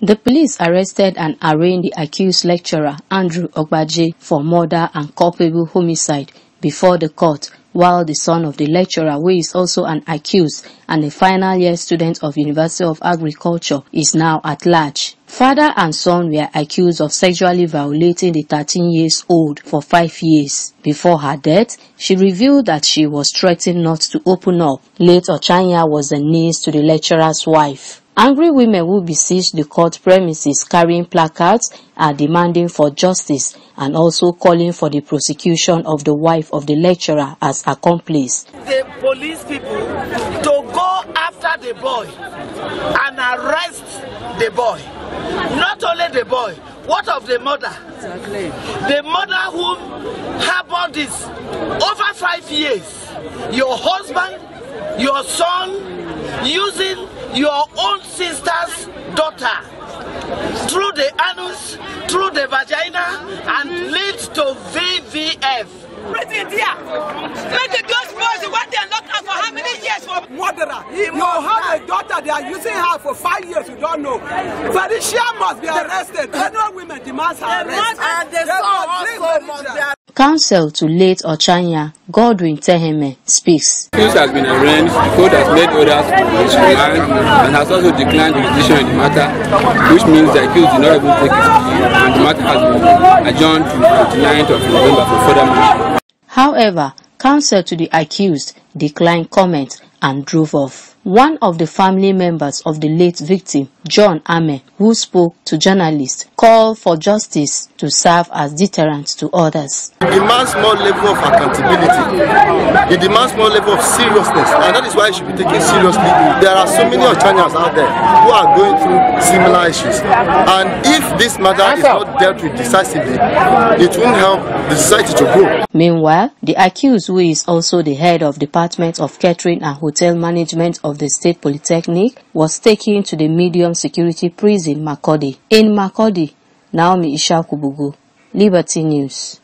The police arrested and arraigned the accused lecturer Andrew Ogbaje for murder and culpable homicide before the court, while the son of the lecturer, who is also an accused and a final year student of University of Agriculture, is now at large. Father and son were accused of sexually violating the 13 years old for five years. Before her death, she revealed that she was threatened not to open up. Later, Chanya was the niece to the lecturer's wife. Angry women who besieged the court premises carrying placards are demanding for justice and also calling for the prosecution of the wife of the lecturer as accomplice. The police people to go after the boy and arrest the boy. Not only the boy, what of the mother? Exactly. The mother who harbored this over five years. Your husband, your son, using your own sister's daughter through the anus, through the vagina, and leads to VVF. President here, let the those boys what they locked up for how many years for murderer. You have a daughter, they are using her for five years, you don't know. Felicia must be arrested. Federal women demand her arrest. And the son also must be arrested. Counsel to late Ochanya, Godwin Teheme, speaks. News has been arranged, court has made orders which rely and has also declined the jurisdiction in the matter, which means the accused did not even take his plea and the matter has been adjourned to the 29th of November for further motion. However, counsel to the accused declined comment and drove off. One of the family members of the late victim John Ame, who spoke to journalists, called for justice to serve as deterrent to others. It demands more level of accountability. It demands more level of seriousness, and that is why it should be taken seriously. There are so many Ochanians out there who are going through similar issues, and if this matter is not dealt with decisively, it won't help the society to grow. Meanwhile, the accused, who is also the head of Department of Catering and Hotel Management of the State Polytechnic, was taken to the medium Security Prison, Makodi. In Makodi, Naomi Ishakubugu, Liberty News.